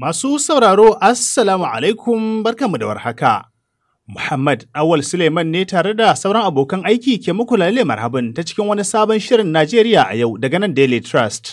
Masu sauraro, Assalamu alaikum barkanmu da warhaka. Muhammad Awal Suleiman ne tare da sauran abokan aiki ke muku lalle marhabin ta cikin wani sabon shirin Najeriya a yau daga nan Daily Trust.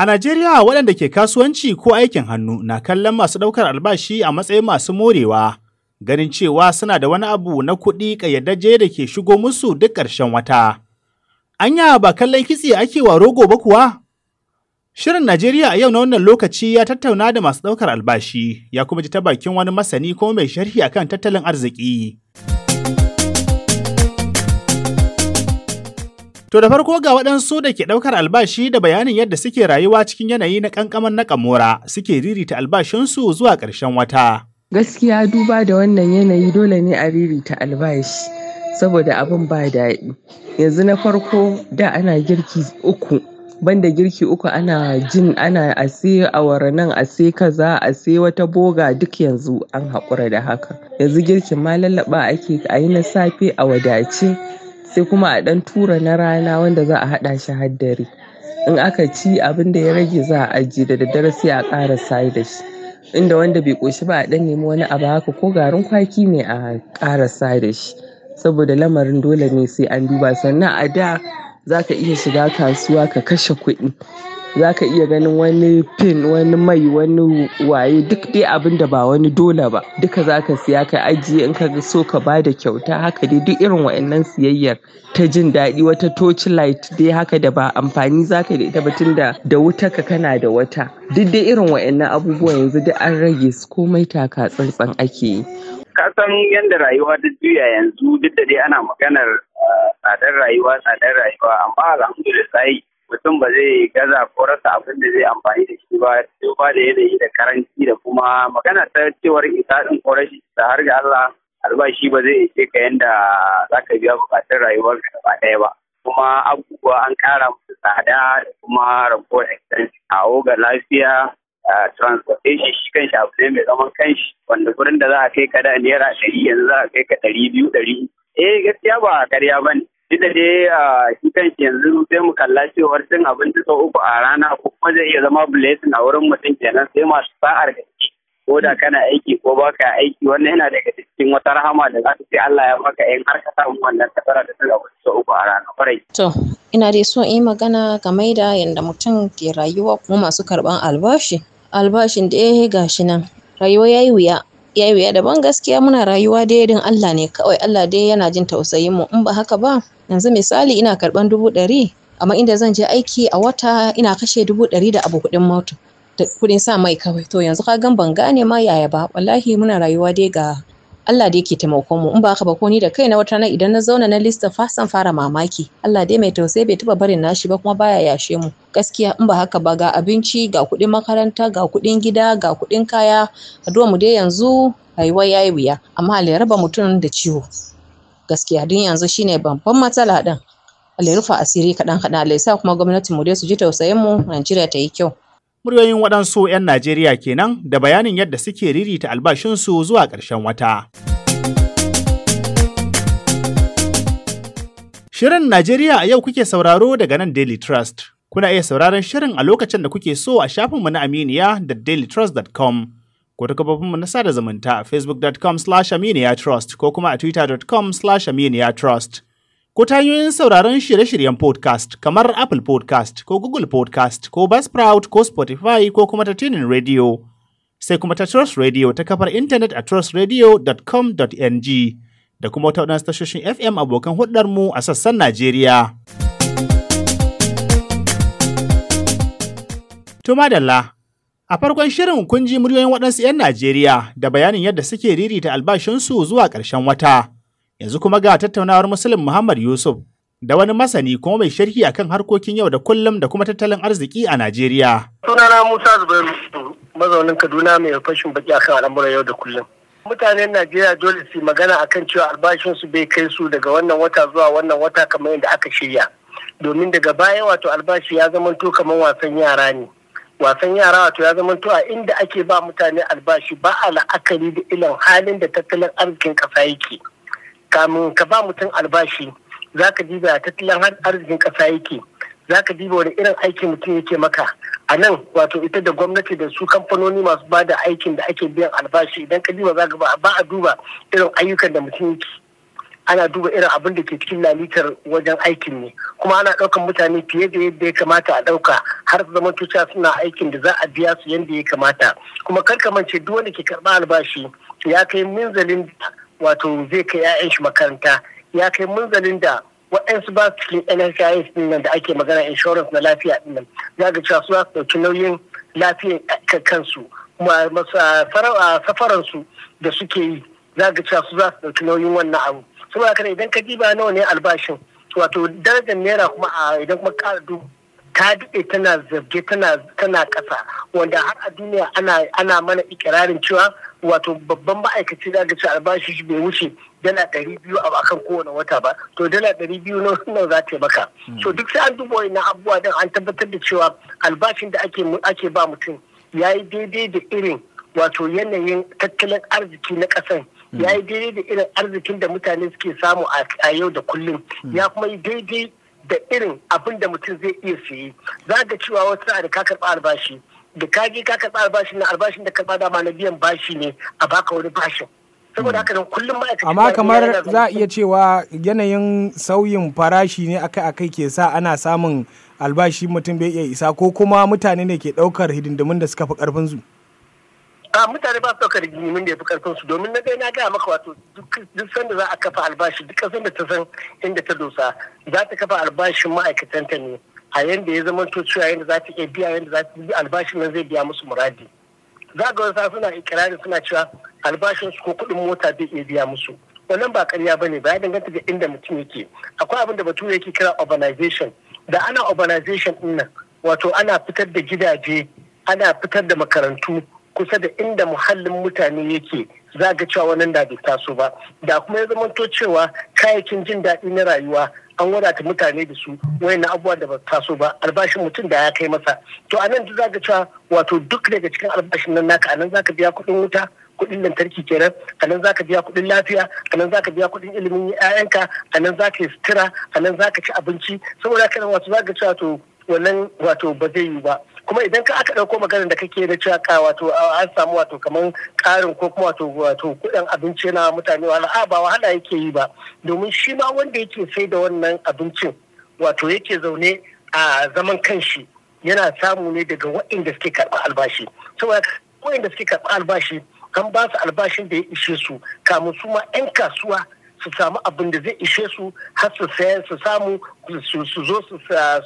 A Najeriya waɗanda ke kasuwanci ko aikin hannu na kallon masu ɗaukar albashi a matsayin masu morewa, ganin cewa suna da wani abu na kuɗi ƙayyadajje da ke shigo musu duk ƙarshen wata. Anya ba kallon kitse ake wa rogo ba kuwa? Shirin Najeriya a yau na wannan lokaci ya tattauna da masu ɗaukar albashi, ya kuma ji ta bakin wani masani ko mai sharhi akan tattalin arziki. To da farko ga waɗansu da ke ɗaukar albashi da bayanin yadda suke rayuwa cikin yanayi na ƙanƙaman na ƙamora suke ririta albashinsu zuwa ƙarshen wata. Gaskiya duba da wannan yanayi dole ne a ririta albashi saboda abin ba daɗi. Yanzu na farko da ana girki uku banda girki uku ana jin ana a sai awara nan a sai kaza a sai wata boga duk yanzu an haƙura da haka yanzu girkin ma lallaɓa ake a yi na safe a wadace sai kuma a ɗan tura na rana wanda za a haɗa shi har dare in aka ci abin da ya rage za a ajiye da daddare sai a ƙara sai da shi inda wanda bai ƙoshi ba a ɗan nemi wani abu haka ko garin kwaki ne a ƙara sa da shi saboda lamarin dole ne sai an duba sannan a da za ka iya shiga kasuwa ka kashe kuɗi. Za ka iya ganin wani fin, wani mai, wani waye duk dai abin da ba wani dole ba duka za ka siya ka ajiye in ka so ka ba da kyauta. Haka dai duk irin wa'annan siyayyar ta jin daɗi wata torchlight dai haka da ba amfani za ka da ita ba tunda da ka kana da wata. Duk dai irin wa'annan abubuwa yanzu duk an rage su komai taka tsantsan ake yi. Ka san yadda rayuwa ta juya yanzu duk da dai ana maganar tsadar rayuwa tsadar rayuwa amma alhamdulillah mutum ba zai gaza ko rasa abin da zai amfani da shi ba ba da yanayi da karanci da kuma magana ta cewar isa din ko da har ga Allah albashi ba zai ce ka yanda zaka biya bukatun rayuwar ka ba ɗaya ba kuma abubuwa an kara musu tsada da kuma rabuwar expense A ga lafiya transportation shi kan shi ne mai zaman kanshi wanda gurin da za a kai ka da naira ɗari yanzu za a kai ka ɗari biyu ɗari eh gaskiya ba karya ba ne duk da dai shi kanshi yanzu sai mu kalla cewar cin abinci sau uku a rana ko kuma zai iya zama blessing a wurin mutum kenan sai masu sa'ar gaske ko da kana aiki ko ba ka aiki wannan yana daga cikin wata rahama da za ta ce Allah ya maka in har ka samu wannan kasara da cin abinci sau uku a rana kwarai. To ina da so in magana game da yadda mutum ke rayuwa kuma masu karɓan albashi. Albashin da ya gashi nan rayuwa ya yi wuya ya wuya daban gaskiya muna rayuwa dai don Allah ne kawai Allah dai yana jin tausayin mu in ba haka ba yanzu misali ina karban dubu ɗari amma inda zan je aiki a wata ina kashe dubu ɗari da abu kuɗin mota da kuɗin sa mai kawai to yanzu ka gan ban gane ma yaya ba wallahi muna rayuwa dai ga Allah da yake taimakon mu in ba haka ba ko ni da kaina wata na idan na zauna na lissafa san fara mamaki Allah dai mai tausayi bai taba barin nashi ba kuma baya yashe mu gaskiya in ba haka ba ga abinci ga kuɗin makaranta ga kuɗin gida ga kuɗin kaya addu'a mu dai yanzu rayuwa yayi wuya amma Allah ya raba mutum da ciwo gaskiya din yanzu shine babban matsala din Allah ya rufa asiri kaɗan kaɗan Allah ya sa kuma gwamnatin mu dai su ji tausayin mu Najeriya ta yi kyau Muryoyin waɗansu 'yan Najeriya kenan da bayanin yadda suke ririta albashinsu zuwa ƙarshen wata. Shirin Najeriya a yau kuke sauraro daga nan Daily Trust. Kuna iya sauraron shirin a lokacin da kuke so a shafinmu na Aminiya da dailytrust.com. ko ta kafofinmu na sada zumunta a facebook.com slash aminiya trust ko kuma a twitter.com slash aminiya trust. ko ta hanyoyin sauraron shirye-shiryen podcast kamar Apple podcast ko Google podcast ko Buzzsprout ko Spotify ko kuma ta tunin radio. Sai kuma ta Trust Radio ta kafar intanet a trustradio.com.ng da kuma ta waɗansu tashoshin FM abokan mu a sassan Najeriya. Tuma Dalla, a farkon shirin kun ji muryoyin waɗansu ‘yan Najeriya da bayanin yadda suke ririta albashinsu zuwa ƙarshen wata. Yanzu kuma ga tattaunawar Muslim Muhammad Yusuf da wani masani kuma mai sharhi akan harkokin yau da kullum da kuma tattalin arziki a Najeriya. Sunana Musa Zubairu mazaunin Kaduna mai fashin baki akan al'amuran yau da kullum. Mutanen Najeriya dole su magana akan cewa albashinsu bai kai su daga wannan wata zuwa wannan wata kamar yadda aka shirya. Domin daga baya wato albashi ya zama to kamar wasan yara ne. wasan yara wato ya zama a inda ake ba mutane albashi ba a la'akari da ilan halin da tattalin arzikin ƙasa yake. kamun ka ba mutum albashi za ka diba tattalin arzikin ƙasa yake za ka diba wani irin aikin mutum yake maka a nan wato ita da gwamnati da su kamfanoni masu ba da aikin da ake biyan albashi idan ka diba za ka ba a duba irin ayyukan da mutum yake ana duba irin abin da ke cikin lalitar wajen aikin ne kuma ana ɗaukan mutane fiye da yadda ya kamata a ɗauka har su zama cewa suna aikin da za a biya su yadda ya kamata kuma kar ka mance duk wanda ke karɓa albashi ya kai minzalin wato zai kai 'ya'yan shi makaranta ya kai munzalin da waɗansu ba su cikin nhis din nan da ake magana insurance na lafiya din nan za ga cewa su za su ɗauki nauyin lafiyar kansu safaransu da suke yi za ga cewa su za su ɗauki nauyin wannan abu saboda haka idan ka diba nawa ne albashin wato darajar naira kuma idan kuma ƙara dubu ta daɗe tana zarge tana tana ƙasa wanda har a duniya ana ana mana ikirarin cewa wato babban ma'aikaci da gaci albashi bai wuce dala ɗari biyu a kan kowane wata ba to dala ɗari biyu nan za ta maka hmm. so duk sai an duba na abubuwa don an tabbatar da cewa albashin da ake ake ba mutum ya yi daidai da irin wato yanayin tattalin arziki na ƙasar hmm. ya yi daidai da irin arzikin da mutane suke samu a yau da kullum hmm. ya kuma yi daidai da irin abin da mutum zai iya siyi za ga cewa wata da ka karɓa albashi da ka ka karɓa albashi na albashin da karɓa dama na biyan bashi ne a baka wani bashin saboda haka nan kullum ma'aikaci amma kamar za a iya cewa yanayin sauyin farashi ne akai-akai ke sa ana samun albashi mutum bai iya isa ko kuma mutane ne ke ɗaukar hidindimin da suka fi karfin su. a mutane ba su ɗaukar mun da ya fi karfin su domin na dai na gaya maka wato duk sanda za a kafa albashi duk ƙasar da ta san inda ta dosa za ta kafa albashin ma'aikatanta ne a yanda ya zama to cewa yanda za ta iya biya yanda za ta albashin nan zai biya musu muradi za ga wasu suna ikirarin suna cewa albashin su ko kuɗin mota zai iya biya musu wannan ba karya ba ne ba ya danganta da inda mutum yake akwai abin da batun yake kira organization da ana organization ɗin nan wato ana fitar da gidaje ana fitar da makarantu kusa da inda muhallin mutane yake za ga cewa wannan da bai taso ba da kuma ya zamanto cewa kayayyakin jin daɗi na rayuwa an wadata mutane da su wayannan abubuwa da ba taso ba albashin mutum da ya kai masa to anan duk zaka cewa wato duk daga cikin albashin nan naka anan zaka biya kuɗin wuta kuɗin lantarki kenan anan zaka biya kuɗin lafiya anan zaka biya kuɗin ilimin 'ya'yanka anan zaka yi sutura anan zaka ci abinci saboda haka wato zaka cewa to wannan wato ba zai yi ba kuma idan ka aka ɗauko maganar da kake da cewa ka wato an samu wato kamar ƙarin ko kuma wato wato kuɗin abinci na mutane wala a ba wahala yake yi ba domin shi ma wanda yake sai da wannan abincin wato yake zaune a zaman kanshi yana samu ne daga waɗanda suke karɓar albashi saboda waɗanda suke karɓar albashi an ba su albashin da ya ishe su kamun su ma 'yan kasuwa su samu abin da zai ishe su har su sayar su samu su zo su saro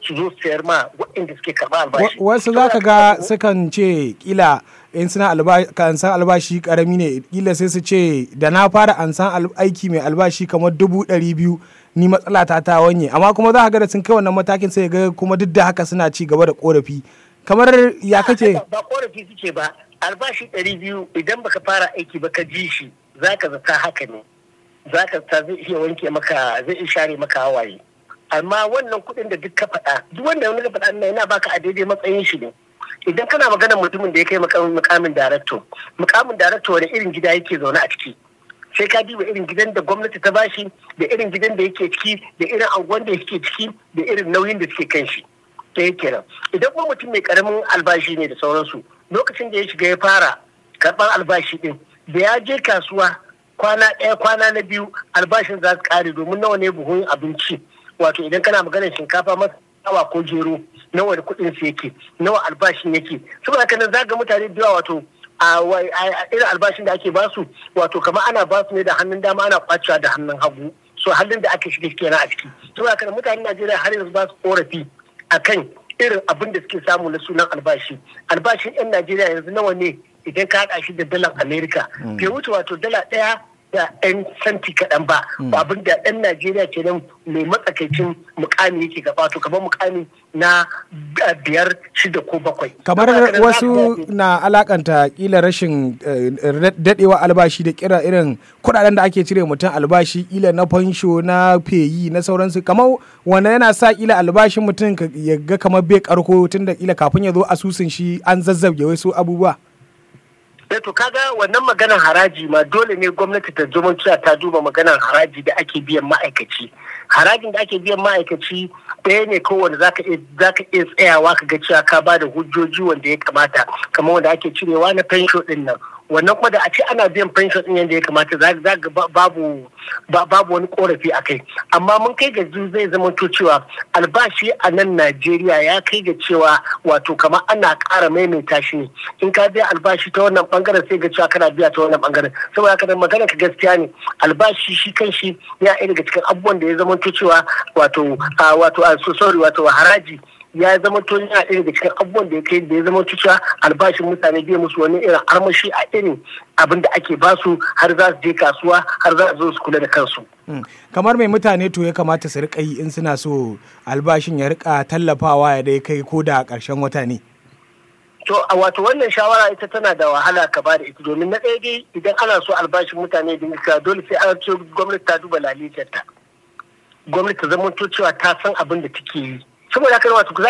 su zo su sayar ma waɗanda suke karɓa albashi. Wasu za ka ga sukan ce kila in suna ansan albashi karami ne kila sai su ce da na fara ansan aiki mai albashi kamar dubu ɗari biyu ni matsala ta ta wanye amma kuma za ka ga da sun kai wannan matakin sai ga kuma duk da haka suna ci gaba da korafi kamar ya kace ba korafi suke ba albashi ɗari biyu idan baka fara aiki ba ka ji shi za ka zata haka ne za ka zai iya wanke maka zai iya share maka hawaye amma wannan kuɗin da duk ka faɗa duk wanda wani ka faɗa na yana baka a daidai matsayin shi ne idan kana maganar mutumin da ya kai mukamin darakto mukamin darakto wani irin gida yake zaune a ciki sai ka duba irin gidan da gwamnati ta bashi da irin gidan da yake ciki da irin anguwan da yake ciki da irin nauyin da suke kan shi ɗaya kenan idan kuma mutum mai karamin albashi ne da sauransu lokacin da ya shiga ya fara karɓar albashi ɗin da ya je kasuwa kwana ɗaya kwana na biyu albashin za su kare domin nawa ne buhun abinci wato idan kana maganar shinkafa masawa ko gero nawa da kuɗin su yake nawa albashin yake saboda haka nan zaga mutane biyu wato a irin albashin da ake basu wato kamar ana basu ne da hannun dama ana kwacewa da hannun hagu so halin da ake shiga kenan a ciki saboda haka mutanen Najeriya har yanzu ba su korafi akan irin abin da suke samu na sunan albashi albashin 'yan Najeriya yanzu nawa ne idan ka haɗa shi da dalar amerika mm. bai wuce wato dala ɗaya da ɗan santi kaɗan mm. ba abin da ɗan najeriya ke nan mai matsakaicin mukami yake gaba to kamar mukami na eh, biyar shida ko bakwai kamar wasu na alakanta kila rashin eh, daɗewa albashi da kira irin kuɗaɗen da ake cire mutum albashi kila na fansho na feyi na sauransu kamar wanda yana sa kila albashin mutum ya ga kamar bai karko tun da kila kafin ya zo asusun shi an zazzabge wasu abubuwa da eh, to kaga wannan maganar haraji ma dole ne gwamnati ta zama cewa ta duba maganar haraji da ake biyan ma'aikaci harajin da ake biyan ma'aikaci ɗaya ne kowane zaka zaka iya tsayawa ka ga cewa ka ba da hujjoji wanda ya kamata kamar wanda ake cirewa na fensho ɗin nan wannan kuma da a ce ana biyan pension din yadda ya kamata za ga babu babu wani korafi a kai amma mun kai ga zai zama to cewa albashi a nan Najeriya ya kai ga cewa wato kamar ana ƙara maimaita shi ne in ka biya albashi ta wannan bangaren sai ga cewa kana biya ta wannan bangaren saboda haka dan magana ka gaskiya ne albashi shi kan shi ya daga cikin abubuwan da ya zama to cewa wato wato sorry wato haraji ya zama to yana ɗaya da cikin abubuwan da ya kai da ya zama cewa albashin mutane biya musu wani irin armashi a irin abin da ake basu har za su je kasuwa har za su zo su kula da kansu. Hmm. kamar mai mutane to ya kamata su rika yi in suna so albashin ya rika tallafawa ya dai kai ko da ƙarshen wata ne. to a wato wannan shawara ita tana da wahala ka ba da ita domin na ɗaya dai idan ana so albashin mutane dinga dole sai an ce gwamnati ta duba lalitarta gwamnati ta zama cewa ta san abin da take yi saboda haka na wato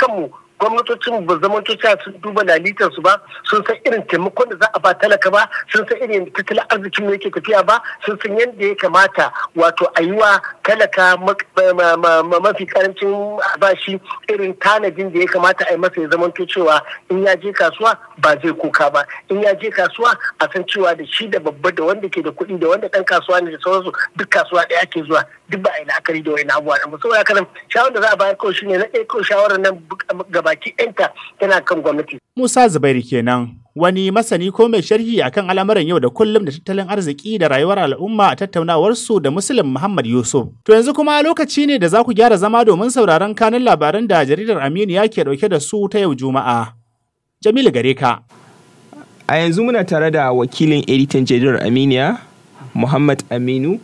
za mu gwamnatocin ba zaman cewa sun duba lalitar su ba sun san irin taimakon da za a ba talaka ba sun san irin tattalin arzikin da yake tafiya ba sun san yadda ya kamata wato a yi wa talaka mafi karancin bashi irin tanadin da ya kamata a yi masa ya zamanto cewa in ya je kasuwa ba zai kuka ba in ya je kasuwa a san cewa da shi da babba da wanda ke da kuɗi da wanda ɗan kasuwa ne da sauransu duk kasuwa ɗaya ake zuwa duk ba a yi la'akari da wani abubuwa ba saboda kanan shawarar da za a bayar kawai ne na ɗaya kawai shawarar nan gaba baki ɗanta tana kan gwamnati. Musa Zubairu kenan wani masani ko mai sharhi akan al'amuran yau da kullum da tattalin arziki da rayuwar al'umma a tattaunawarsu da musulun Muhammad Yusuf. To yanzu kuma lokaci ne da za ku gyara zama domin sauraron kanun labaran da jaridar Aminu ya ke ɗauke da su ta yau Juma'a. Jamilu gare ka. A yanzu muna tare da wakilin editan jaridar Aminiya Muhammad Aminu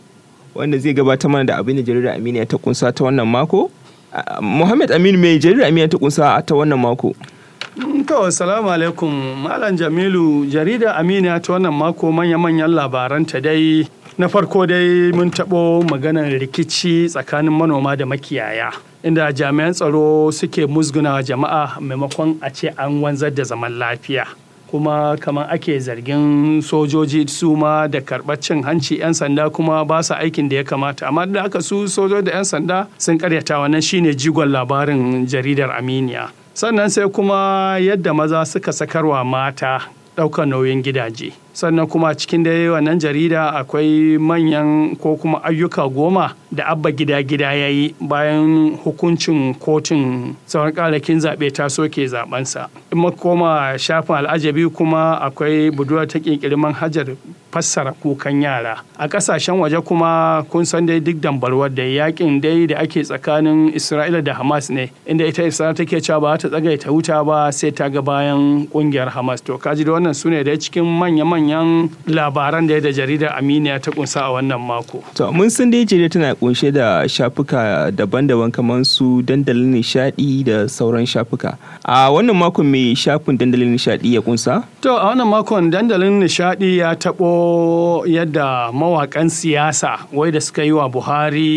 wanda zai gabatar mana da abin da jaridar Aminiya ta kunsa ta wannan mako. Muhammad Aminu mai jaridar Aminiya ta kunsa ta wannan mako. To, salamu alaikum, Malam Jamilu, jaridar ya ta wannan mako manya-manyan labaranta dai na farko dai mun taɓo maganar rikici tsakanin manoma da makiyaya. Inda jami'an tsaro suke musguna jama'a maimakon a ce an wanzar da zaman lafiya. kuma kamar ake zargin sojoji su ma da karɓar cin hanci 'yan sanda kuma ba su aikin da ya kamata amma da aka su sojoji da 'yan sanda sun karyata wannan shine jigon labarin jaridar aminiya sannan sai kuma yadda maza suka sakarwa mata ɗaukar nauyin gidaje sannan kuma cikin da wannan jarida akwai manyan ko kuma ayyuka goma da abba gida gida ya yi bayan hukuncin kotun tsawon kalakin zaɓe ta soke zaɓensa in koma shafin al'ajabi kuma akwai budurwar ta ƙirƙiri manhajar fassara kukan yara a kasashen waje kuma kun san dai duk dambarwar da yakin dai da ake tsakanin isra'ila da hamas ne inda ita isra'ila take cewa ba ta ta huta ba sai ta ga bayan kungiyar hamas to kaji da wannan sune da cikin manya-manyan labaran da da jaridar aminiya ta kunsa a wannan mako to mun san dai jarida tana kunshe da shafuka daban-daban kamar su dandalin nishadi da sauran shafuka a wannan makon me shafin dandalin nishadi ya kunsa to a wannan makon dandalin nishadi ya tabo yadda mawakan siyasa wai da suka yi wa buhari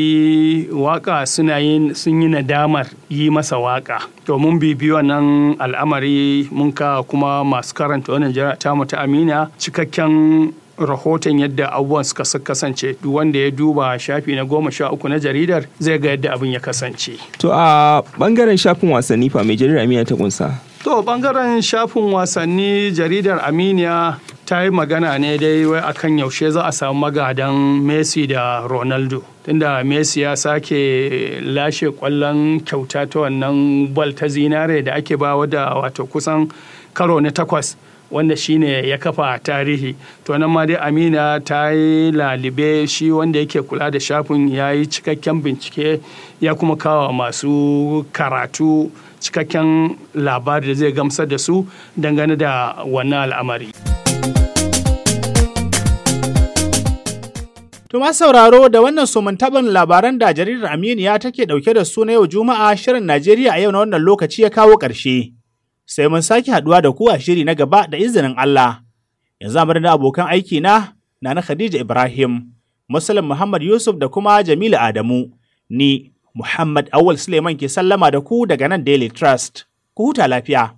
waka suna yin sun yi nadamar yi masa waka to mun bibi wannan al'amari mun ka kuma masu karanta wannan jira ta mutu amina cikakken rahoton yadda abubuwan suka kasance duk wanda ya duba shafi na goma sha uku na jaridar zai ga yadda abin ya kasance. To a bangaren shafin wasanni fa mai jaridar Aminiya ta kunsa. To bangaren shafin wasanni jaridar Aminiya ta yi magana ne dai wai akan yaushe za a samu magadan messi da ronaldo tunda messi ya sake lashe kwallon kyauta ta wannan bal ta zinare da ake ba da wato kusan karo na takwas wanda shine ya kafa tarihi to nan ma dai amina ta yi lalibe shi wanda yake kula da shafin ya yi cikakken bincike ya kuma kawo masu karatu cikakken labari da zai gamsar da su dangane da wannan al'amari ma sauraro da wannan somantaban labaran da jaridar Aminiya take dauke da su na yau Juma'a shirin Najeriya a yau na wannan lokaci ya kawo ƙarshe. Sai mun sake haduwa da ku a shiri na gaba da izinin Allah. Yanzu a da abokan aiki na Nana Khadija Ibrahim, Musulun Muhammad Yusuf da kuma Jamilu Adamu. Ni Muhammad Awal Suleiman ke sallama da ku daga nan Daily Trust. Ku huta lafiya.